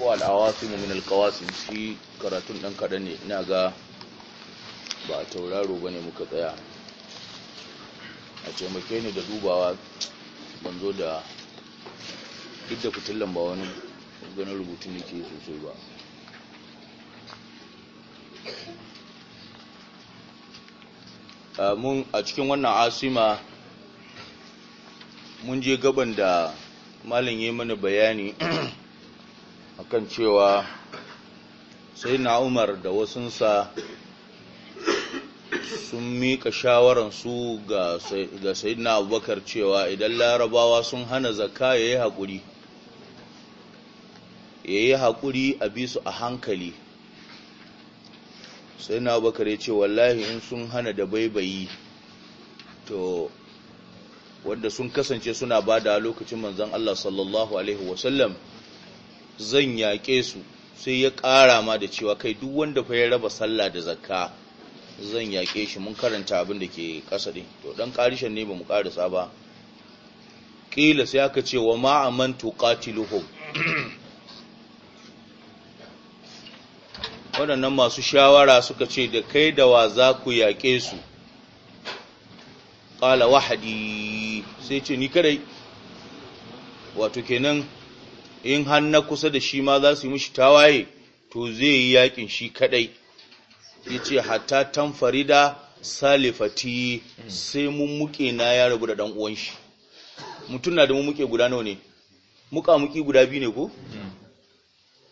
ko al'awasimu min alqawasim shi karatun dan kaɗan ne ina ga ba tauraro ba ne muka tsaya a taimake ni da dubawa ban zo da duk da fitillan ba wani ganin rubutun yake sosai ba a cikin wannan asima mun je gaban da malin yi mana bayani akan cewa sai na umar da wasunsa sun mika shawararsu ga na abubakar cewa idan larabawa sun hana zaka ya yi haƙuri ya yi haƙuri a bisu a hankali na abubakar ya ce wallahi in sun hana da baibayi to wadda sun kasance suna ba da lokacin manzan Allah sallallahu Alaihi wasallam zan yaƙe su sai ya ƙara ma da cewa kai duk wanda fa ya raba sallah da zakka zan yaƙe shi mun karanta abin da ke ƙasa ɗin to ɗan ƙarishen ne ba mu ƙarisa ba ƙila sai aka ce wa ma'aman tuƙatiluhum waɗannan masu shawara suka ce da kai da wa za ku yaƙe su ƙala wahadi sai ce ni kadai wato kenan in har na kusa da shi ma za su yi mishi tawaye to zai yi yakin shi kadai yace hatta tanfarida salifati sai mun muke na ya rabu da dan uwan shi mutun na da mun muke guda nawa ne muka muki guda biyu ne ko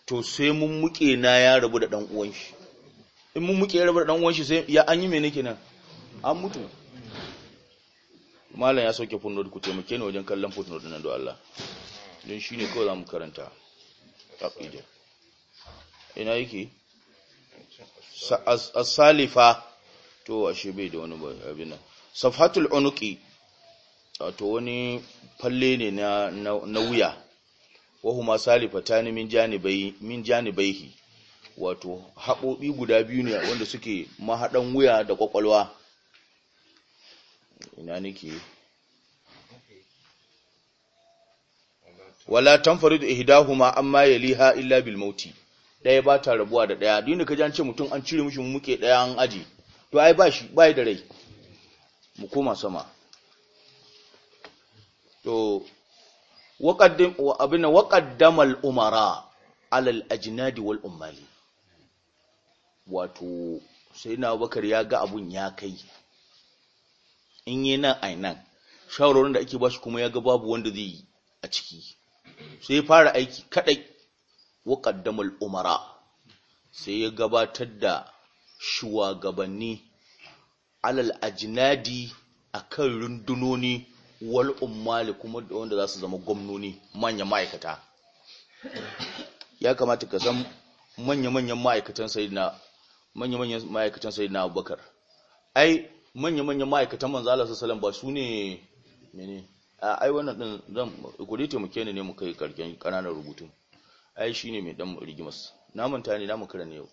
to sai mun muke na ya rabu da dan uwan shi in mun muke ya rabu da dan uwan shi sai ya an yi mene kenan an mutu malam ya sauke footnote ku taimake ni wajen kallon footnote nan don Allah don shi ne kawai za mu karanta ƙaƙidar ina yake salifa to ashe bai da wani abin nan safatul onuki wato wani falle ne na wuya wahu ma salifa ta ne min janibai hi wato haɓoɓi guda biyu ne wanda suke mahaɗan wuya da ƙwaƙwalwa ina nake wala da ihdahuma amma yaliha illa bil mauti daya ba ta rabuwa da daya duk ka ji ce mutum an cire mishi muke daya an aje to ai ba shi ba da rai mu koma sama to waqaddim wa abina waqaddama al umara ala al ajnadi wal ummali wato sayyidina abubakar ya ga abun ya kai in yi nan yi nan shawarorin da ake ba shi kuma ya ga babu wanda zai yi a ciki sai ya fara aiki kadai wa qaddamul umara sai ya gabatar da shugabanni alal ajnadi akan rundunoni wal ummali kuma da wanda za su zama gwamnoni manya ma'aikata ya kamata ka san manya-manyan ma'aikatan sayyidina manya-manyan ma'aikatan sayyidina Abubakar ai manya-manyan ma'aikatan manzo Allah sallallahu alaihi wasallam ba su ne mene ai wannan din zan gure taimake ni ne mu kai karken kananan rubutun ai shine mai dan rigimas na manta ne na mu ne. yau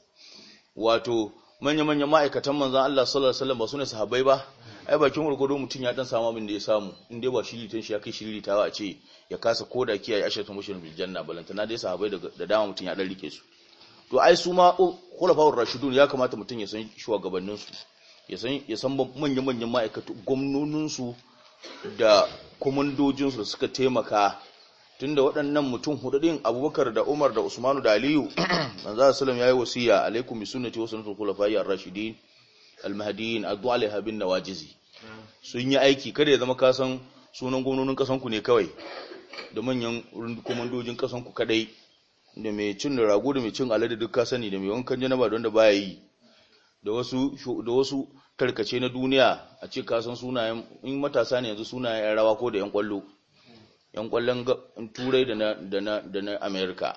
wato manya manya ma'aikatan manzon Allah sallallahu Alaihi wasallam ba su ne sahabai ba, ai bakin wargwado mutum ya dan samu abin da ya samu, in dai ba shiritan shi ya kai tawa a ce ya kasa ko da kiyaye ashirin janna balanta na dai sahabai da dama mutum ya dan rike su. To ai su ma oh, khulafaur rashidun ya kamata mutum ya san su, ya san manya-manyan ma'aikatu su da kumandojinsu da suka taimaka tunda waɗannan mutum hudu abubakar da umar da usmanu da aliyu salam ya yi wasiya alaikum bi sunnati nufin kula fayi ar-rashidin al-mahdiyyin addu alaiha bin wajizi sun yi aiki kada ya zama kasan sunan gwamnonin kasan ku ne kawai da manyan komandojin kasan ku kadai da mai cin rago da mai cin alade duk kasani da mai wankan janaba don da baya yi da wasu da wasu karkace na duniya a ce ka san sunayen in matasa ne yanzu sunayen yan rawa ko da yan kwallo yan kwallon turai da na da na da na america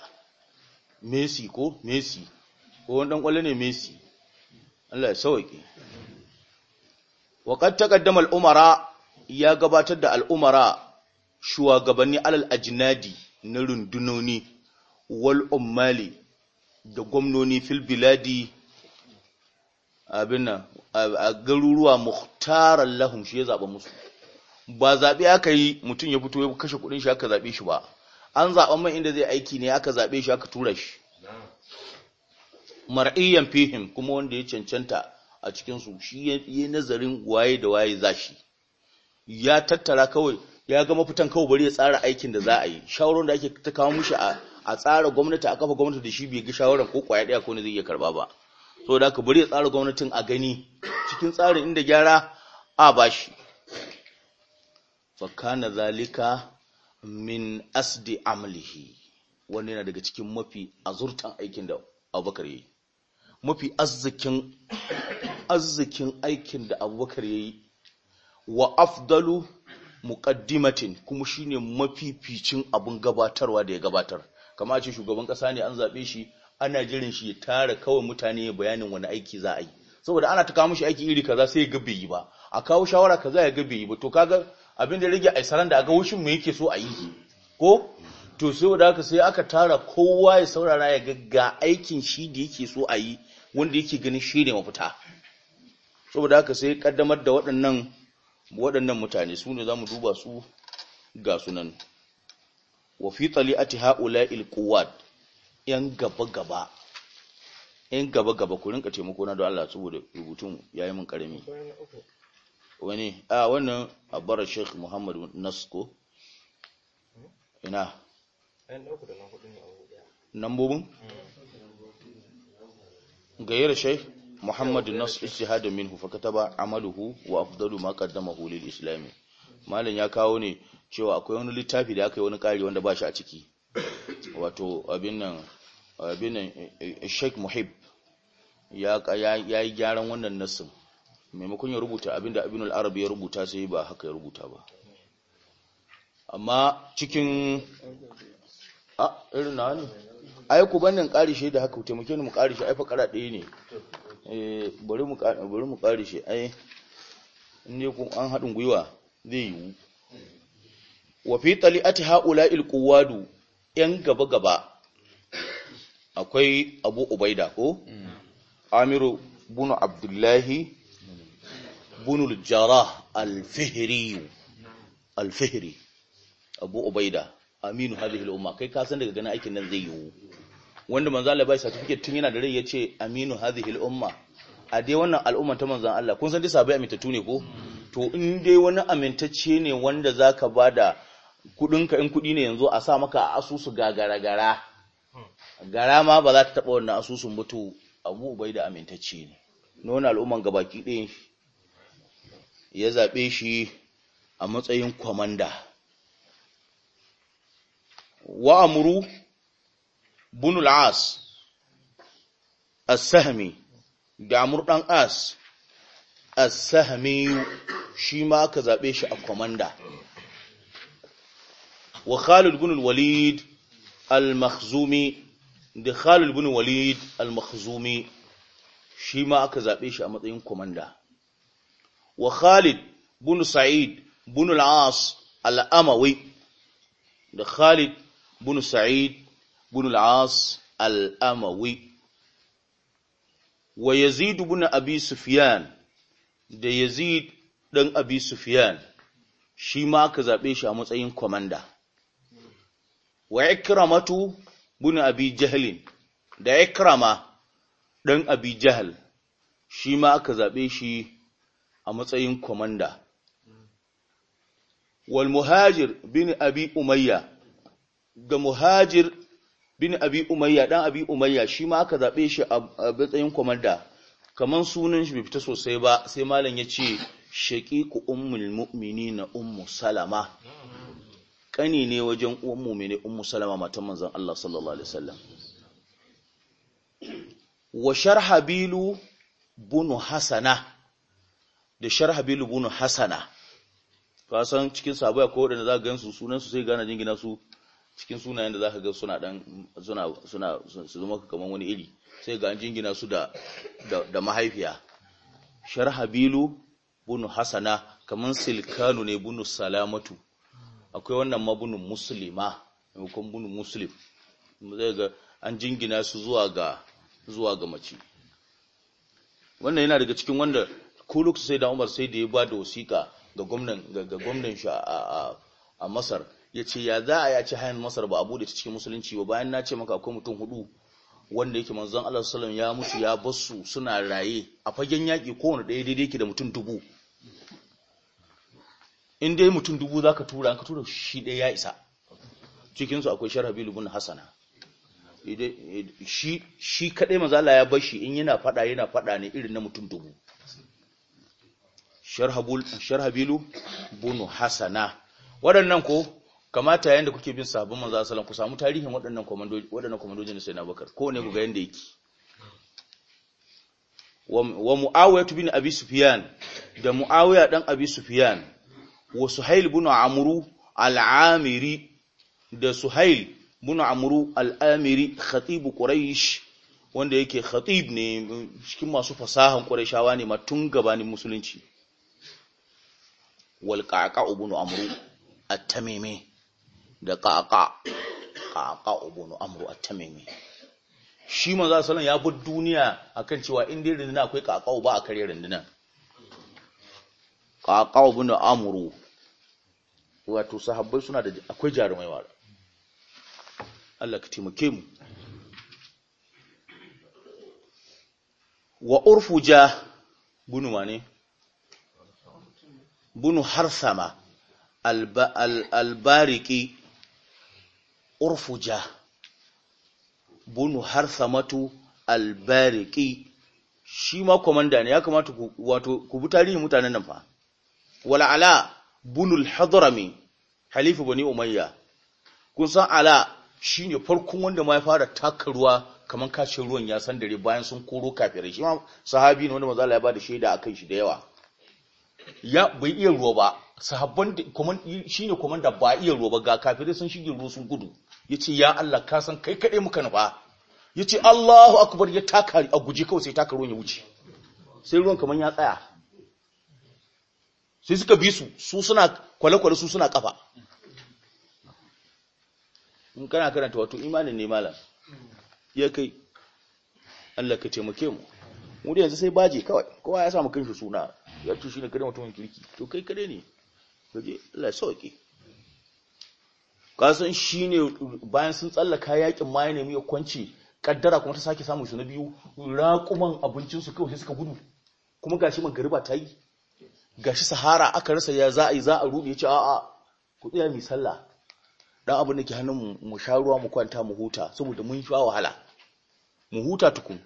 messi ko messi ko wani dan kwallo ne messi Allah ya sauke waqad taqaddama al-umara ya gabatar da al-umara shugabanni alal ajnadi na rundunoni wal ummali da gwamnoni fil biladi abin nan a garuruwa muhtaran lahum shi ya zaɓa musu ba zaɓe aka yi mutum ya fito ya kashe kudin shi aka zaɓe shi ba an zaɓa mai inda zai aiki ne aka zaɓe shi aka tura shi mar'iyyan fihim kuma wanda ya cancanta a cikinsu, shi ya nazarin waye da waye zashi ya tattara kawai ya ga mafitan kawai bari ya tsara aikin da za a yi shawarar da ake ta kawo mushi a tsara gwamnati a kafa gwamnati da shi bai ga ko kwaya daya ko ne zai iya karba ba so da ka bari ya tsara gwamnatin a gani cikin tsarin inda gyara a bashi fakana zalika min asdi amlihi wani yana daga cikin mafi azurtan aikin da abubakar ya yi mafi azzikin aikin da abubakar ya yi wa afdalu muqaddimatin kuma shine mafificin abin gabatarwa da ya gabatar kama ce shugaban kasa ne an zaɓe shi ana jirin shi ya tara kawai mutane bayanin wani aiki za a yi saboda ana ta kawo mishi aiki iri kaza sai ya ga yi ba a kawo shawara kaza ya ga yi ba to kaga abin da ya rage a saran da ga wushin mu yake so a yi ko to saboda aka sai aka tara kowa ya saurara ya ga ga aikin shi da yake so a yi wanda yake ganin shi ne mafita saboda haka sai kaddamar da waɗannan waɗannan mutane su ne zamu duba su ga sunan wa fi tali'ati ha'ula'il quwwat 'yan gaba-gaba ‘yan gaba-gaba ku rinka taimako na da Allah saboda rubutun ya yi mun ƙarami wani a wannan abbar sheikh muhammad nasko ina Nan nambobin gayyar sheikh muhammad nasko istihadin minhu fakata ba amaluhu wa afdalu ma qaddamahu lil islami malam ya kawo ne cewa akwai wani littafi da aka yi wani kari wanda ba shi a ciki wato abin nan bin eh, eh, eh, Sheikh Muhib ya yi gyaran wannan nassin maimakon ya rubuta abinda abin al ya rubuta sai ba haka ya rubuta ba amma cikin a irin na wani? aiku ku bannin karishe da haka ku taimake ni mu karishe aifa kara ɗaya ne bari mu karishe ai inda kun an haɗin gwiwa zai yiwu wa fi ta ha'ula'il quwadu yan gaba gaba akwai abu ubaida ko amiru bunu abdullahi bunu jara al alfihiri abu ubaida aminu hadhihi al'umma kai ka san daga ganin aikin nan zai yiwu wanda manzo Allah bai certificate tun yana da rai ce aminu hadhihi al'umma umma a dai wannan al'umma ta manzon Allah kun san dai sabai amintattu ne ko to in dai wani amintacce ne wanda zaka bada kudinka in kudi ne yanzu a sa maka a asusu gagara gara gara ma ba za ta taɓa wannan asusun mutu abu bai da amintacce ne nuna al'umman gabaki ɗin ya zaɓe shi a matsayin kwamanda wa amuru bunul as as da amur ɗan as as-sahmi shi ma aka zaɓe shi a kwamanda wa khalid bunul walid al-makhzumi da Khalid bin Walid al-Makhzumi shi ma aka zaɓe shi a matsayin komanda. Wa Khalid bin Sa'id bin al-As al-Amawi da Khalid bin Sa'id bin al-As al-Amawi wa Yazid bin Abi Sufyan da Yazid dan Abi Sufyan shi ma aka zaɓe shi a matsayin komanda. Wa Ikramatu bin abi jahlin da ikrama dan abi jahl shi ma aka zabe shi a matsayin komanda wal muhajir bin abi umayya da muhajir bin abi umayya dan abi umayya shi ma aka zabe shi a matsayin komanda kaman sunan shi bai fita sosai ba sai malam ya ce shaqiqu ummul mu'minina ummu salama ƙani ne wajen uwan mu'mini ummu salama matan manzan Allah sallallahu alaihi wasallam wa sharhabilu bunu hasana da sharhabilu bunu hasana ka san cikin sabuwa ko wadanda za ka gansu sunan su sai gana jingina su cikin sunayen da za ka ga suna su zama kaman wani iri sai ga jingina su da mahaifiya. mahaifiya sharhabilu bunu hasana kamar silkanu ne bunu salamatu akwai wannan mabunin musulma maimakon bunin musulim zai ga an jingina su zuwa ga zuwa ga mace wannan yana daga cikin wanda kuluk sai da Umar sai da ya ba da wasiƙa ga gwamnan gwamnan shi a a Masar ce ya za a yace hayan Masar ba a da ta cikin musulunci ba bayan na ce maka akwai mutum hudu wanda yake manzon Allah sallallahu alaihi ya mutu ya basu suna raye a fagen yaƙi kowane ɗaya daidai yake da mutum dubu in dai mutum dubu za ka tura ka tura shi ɗaya ya isa cikinsu akwai sharhabilu lubun hasana shi kaɗai mazala ya bashi in yana faɗa yana faɗa ne irin na mutum dubu sharhabilu bin hasana waɗannan ko kamata yayin da kuke bin sabon manzo sallallahu ku samu tarihin waɗannan komandoji waɗannan komandoji na bakar ko ne ku ga yanda yake wa Muawiya bin Abi Sufyan da Muawiya dan Abi Sufyan wa Suhail bin Amru al da Suhail bin Amru al-Amiri khatib Quraish, wanda yake khatib ne cikin masu fasahan quraishawa ne matun gabanin musulunci wal qaqa ibn Amru at-Tamimi da Qaqa qaqa ibn Amru at-Tamimi shi manzo sallallahu alaihi wasallam ya bi duniya akan cewa in dai rinduna akwai qaqa ba a kare rindunan kawo bin amuru wato sahabbai suna da akwai jarumai wa Allah ka taimake mu wa ja bunu wane bunu harsama alba, al, albariki urfuja bunu harsamatu albariki shi ma komanda ne ya kamata ku wato ku bi tarihin mutanen nan fa Wala ala bunul hadrami halifu bani umayya kun san ala shine farkon wanda ma ya fara taka ruwa kaman kashin ruwan ya san dare bayan sun koro kafirai shi ma sahabi ne wanda manzo Allah ya bada shaida akan shi da yawa ya bai iya ruwa ba sahabban kuma shine kuma da ba iya ruwa ba ga kafirai sun shige ruwa sun gudu yace ya Allah ka san kai kade muka nufa yace Allahu akbar ya taka a guje kawai sai taka ruwan ya wuce sai ruwan kaman ya tsaya sai suka bi su su suna kwale-kwale su suna kafa in kana karanta wato imanin ne malam ya kai Allah ka taimake mu wuri yanzu sai baje kawai kowa ya samu kanshi suna ya ci shi ne kada mutumin kirki to kai kare ne gaje Allah ya sauke kasan shi ne bayan sun tsallaka yakin ma ya nemi ya kwanci kaddara kuma ta sake samun su na biyu raƙuman abincinsu kawai sai suka gudu kuma gashi magariba ta yi gashi sahara aka rasa ya za a yi za a rubi ce a'a ku tsaya mai sallah dan abin da ke hannun mu sha ruwa mu kwanta mu huta saboda mun sha wahala mu huta tukun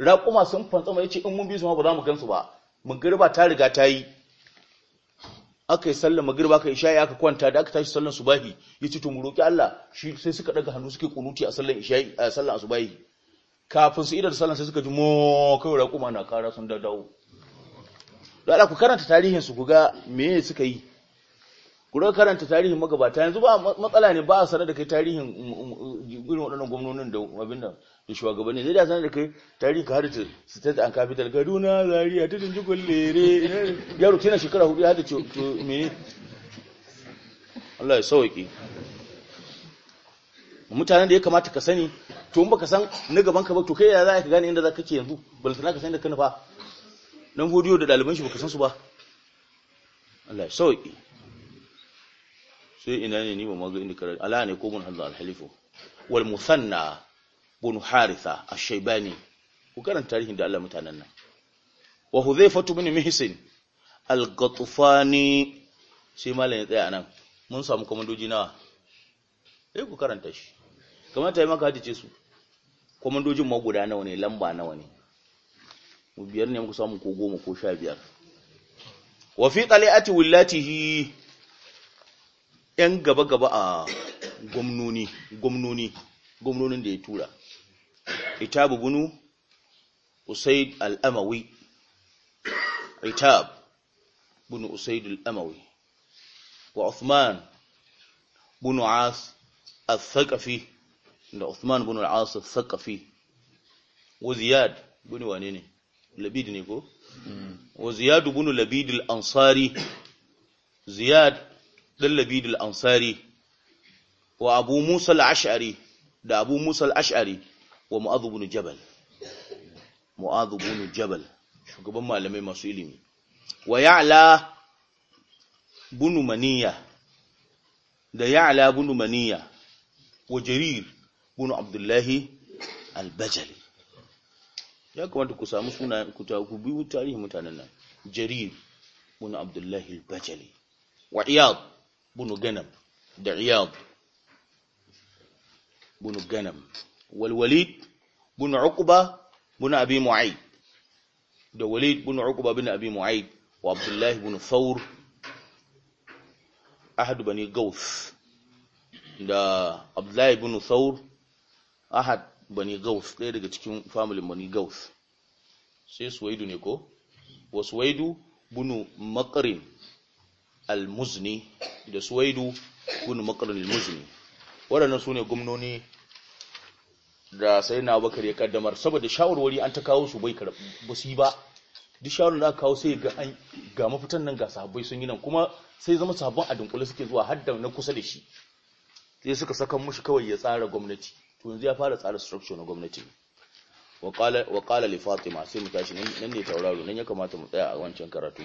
raƙuma sun fantsa mai ce in mun bi su ma ba za mu gansu ba magriba ta riga ta yi aka yi sallar magriba aka isha'i aka kwanta da aka tashi sallar subahi ce to mu roƙi Allah shi sai suka daga hannu suke kunuti a sallar isha'i a sallar asubahi kafin su idar sallar sai suka ji mo kai raƙuma na kara sun dawo to ala ku karanta tarihin su guga meye suka yi ku karanta tarihin magabata yanzu ba matsala ne ba sanar da kai tarihin gurin um, um, um, wadannan gwamnonin da abin da da shugabanni zai da sanar da kai tarihin ka harce state and capital Kaduna Zaria ta dinji kullere yaro tana shekara hudu ya ce to me Allah ya sauki mutanen da ya kamata ka sani to in baka san na gaban ka ba to kai ya za ka gane inda za ka ke yanzu balantana ka san da ka nufa dan godiyo da ɗaliban shi baka san su ba Allah ya sauki sai ina ne ni ba ma zo inda karar ala ne ko mun hanzu alhalifu wal musanna bin haritha ash-shaybani ku karanta tarihin da Allah mutanen nan wa hudhayfa bin mihsin al-ghatfani sai malam ya tsaya anan mun samu komandoji nawa sai ku karanta shi kamar ta yi maka hadice su komandojin ma guda nawa ne lamba nawa ne mu biyar ne muka samu ko goma ko sha biyar wa fi tali'ati wallatihi yan gaba gaba a gwamnoni gwamnoni gwamnonin da ya tura itabu bunu usaid al-amawi itab bunu usaid al-amawi wa uthman bunu as al-thaqafi da uthman bunu al-as al-thaqafi wa ziyad bunu wane ne labid ne ko wa ziyad ibn labid al-ansari ziyad dan labid al-ansari wa abu musa al-ash'ari da abu musa al-ash'ari wa mu'adh ibn jabal mu'adh ibn jabal shugaban malamai masu ilimi wa ya'la ibn maniya da ya'la ibn maniya wa jarir ibn abdullahi al-bajali ya kamata ku samu suna ku ta ku bi tarihin mutanen nan jarir bin abdullahi al-bajali wa iyad bin ganam da iyad bin ganam wal walid bin uqba bin abi mu'ayd da walid bin uqba bin abi mu'ayd wa abdullahi bin thawr ahad bani gauth da abdullahi bin thawr ahad bani gaus ɗaya daga cikin familin bani gaus sai suwaidu ne ko wa suwaidu bunu makarin almuzni da suwaidu bunu makarin almuzni waɗannan su ne gumnoni da sai na bakar ya kaddamar saboda shawarwari an ta kawo su bai karɓi su yi ba duk shawarar da aka kawo sai ga an ga mafitan nan ga sahabbai sun yi nan kuma sai zama sahabban a dunkule suke zuwa har na kusa da shi sai suka saka mushi kawai ya tsara gwamnati to yanzu ya fara tsara structure na gwamnati wa kala li fatima sai mu tashi nan ne tauraro nan ya kamata mu tsaya a wancan karatu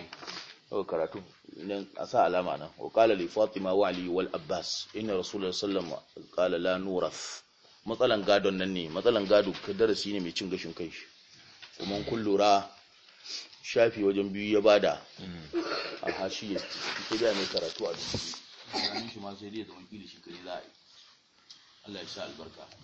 ko karatu nan a sa alama nan wa kala li fatima wa ali wal abbas inna rasulullahi sallallahu alaihi wasallam qala la nuras matsalan gadon nan ne matsalan gado ka darasi ne mai cin gashin kai kuma kun lura shafi wajen biyu ya bada a hashi ya ce da mai karatu a dubu shi ma sai dai da wani kilishi kare za a yi Allah ya sa albarka